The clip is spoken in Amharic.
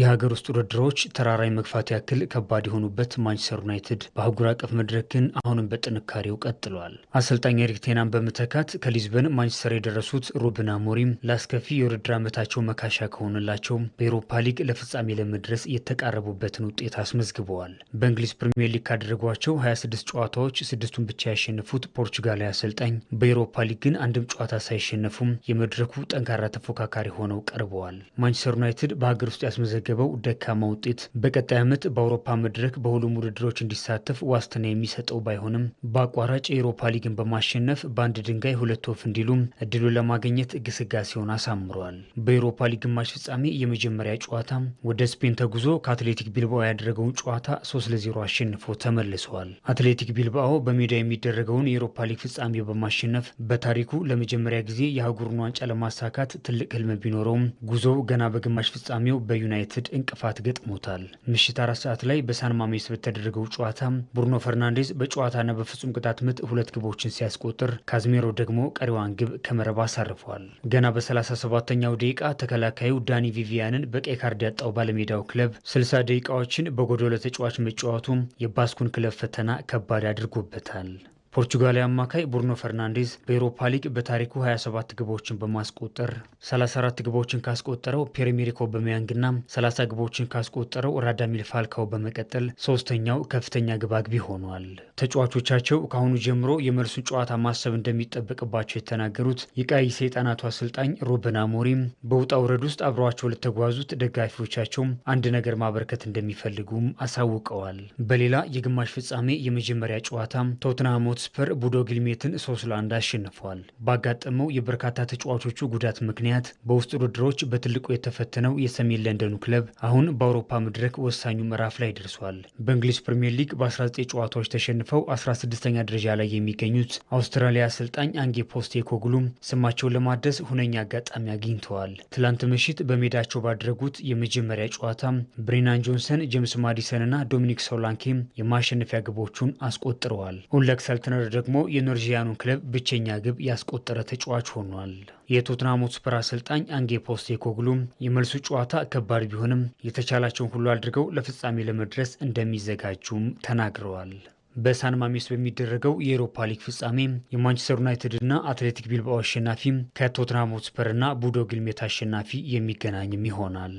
የሀገር ውስጥ ውድድሮች ተራራዊ መግፋት ያክል ከባድ የሆኑበት ማንቸስተር ዩናይትድ በአህጉር አቀፍ መድረክ ግን አሁንም በጥንካሬው ቀጥሏል። አሰልጣኝ ኤሪክ ቴናን በመተካት ከሊዝበን ማንቸስተር የደረሱት ሩበን አሞሪም ለአስከፊ የውድድር ዓመታቸው መካሻ ከሆነላቸው በኤሮፓ ሊግ ለፍጻሜ ለመድረስ የተቃረቡበትን ውጤት አስመዝግበዋል። በእንግሊዝ ፕሪምየር ሊግ ካደረጓቸው 26 ጨዋታዎች ስድስቱን ብቻ ያሸነፉት ፖርቹጋላዊ አሰልጣኝ በኤሮፓ ሊግ ግን አንድም ጨዋታ ሳይሸነፉም የመድረኩ ጠንካራ ተፎካካሪ ሆነው ቀርበዋል። ማንቸስተር ዩናይትድ በሀገር ውስጥ ያስመዘግ የተመዘገበው ደካማ ውጤት በቀጣይ ዓመት በአውሮፓ መድረክ በሁሉም ውድድሮች እንዲሳተፍ ዋስትና የሚሰጠው ባይሆንም በአቋራጭ የአውሮፓ ሊግን በማሸነፍ በአንድ ድንጋይ ሁለት ወፍ እንዲሉም እድሉን ለማግኘት ግስጋሴውን አሳምረዋል። በአውሮፓ ሊግ ግማሽ ፍጻሜ የመጀመሪያ ጨዋታ ወደ ስፔን ተጉዞ ከአትሌቲክ ቢልባኦ ያደረገውን ጨዋታ 3 ለ0 አሸንፎ ተመልሰዋል። አትሌቲክ ቢልባኦ በሜዳ የሚደረገውን የአውሮፓ ሊግ ፍጻሜ በማሸነፍ በታሪኩ ለመጀመሪያ ጊዜ የአህጉሩን ዋንጫ ለማሳካት ትልቅ ህልም ቢኖረውም ጉዞው ገና በግማሽ ፍጻሜው በዩናይትድ ዩናይትድ እንቅፋት ገጥሞታል። ምሽት አራት ሰዓት ላይ በሳን ማሜስ በተደረገው ጨዋታ ብሩኖ ፈርናንዴዝ በጨዋታና በፍጹም ቅጣት ምት ሁለት ግቦችን ሲያስቆጥር ካዝሜሮ ደግሞ ቀሪዋን ግብ ከመረብ አሳርፏል። ገና በ37ኛው ደቂቃ ተከላካዩ ዳኒ ቪቪያንን በቀይ ካርድ ያጣው ባለሜዳው ክለብ 60 ደቂቃዎችን በጎዶሎ ተጫዋች መጫወቱ የባስኩን ክለብ ፈተና ከባድ አድርጎበታል። ፖርቹጋላዊ አማካይ ብሩኖ ፈርናንዴዝ በኤሮፓ ሊግ በታሪኩ 27 ግቦችን በማስቆጠር 34 ግቦችን ካስቆጠረው ፔርሜሪክ በመያንግና 30 ግቦችን ካስቆጠረው ራዳሚል ፋልካው በመቀጠል ሶስተኛው ከፍተኛ ግብ አግቢ ሆኗል። ተጫዋቾቻቸው ከአሁኑ ጀምሮ የመልሱን ጨዋታ ማሰብ እንደሚጠበቅባቸው የተናገሩት የቀይ ሰይጣናቱ አሰልጣኝ ሩበን አሞሪም በውጣ ውረድ ውስጥ አብረዋቸው ለተጓዙት ደጋፊዎቻቸው አንድ ነገር ማበረከት እንደሚፈልጉም አሳውቀዋል። በሌላ የግማሽ ፍጻሜ የመጀመሪያ ጨዋታ ቶትናሞት ሆትስፐር ቡዶ ግልሜትን ሶስት ለአንድ አሸንፈዋል። ባጋጠመው የበርካታ ተጫዋቾቹ ጉዳት ምክንያት በውስጥ ውድድሮች በትልቁ የተፈተነው የሰሜን ለንደኑ ክለብ አሁን በአውሮፓ መድረክ ወሳኙ ምዕራፍ ላይ ደርሷል። በእንግሊዝ ፕሪምየር ሊግ በ19 ጨዋታዎች ተሸንፈው 16ኛ ደረጃ ላይ የሚገኙት አውስትራሊያ አሰልጣኝ አንጌ ፖስቴ ኮግሉም ስማቸውን ለማደስ ሁነኛ አጋጣሚ አግኝተዋል። ትላንት ምሽት በሜዳቸው ባደረጉት የመጀመሪያ ጨዋታ ብሬናን ጆንሰን፣ ጄምስ ማዲሰን እና ዶሚኒክ ሶላንኬ የማሸነፊያ ግቦቹን አስቆጥረዋል። ሁለክሰልት ፓርትነር ደግሞ የኖርዥያኑ ክለብ ብቸኛ ግብ ያስቆጠረ ተጫዋች ሆኗል። የቶትናሙ ስፐር አሰልጣኝ አንጌ ፖስቴ ኮግሉ የመልሱ ጨዋታ ከባድ ቢሆንም የተቻላቸውን ሁሉ አድርገው ለፍጻሜ ለመድረስ እንደሚዘጋጁም ተናግረዋል። በሳን ማሜስ በሚደረገው የኤሮፓ ሊግ ፍጻሜ የማንቸስተር ዩናይትድና አትሌቲክ ቢልባኦ አሸናፊ ከቶትናም ሆትስፐርና ቡዶ ግሊምት አሸናፊ የሚገናኝም ይሆናል።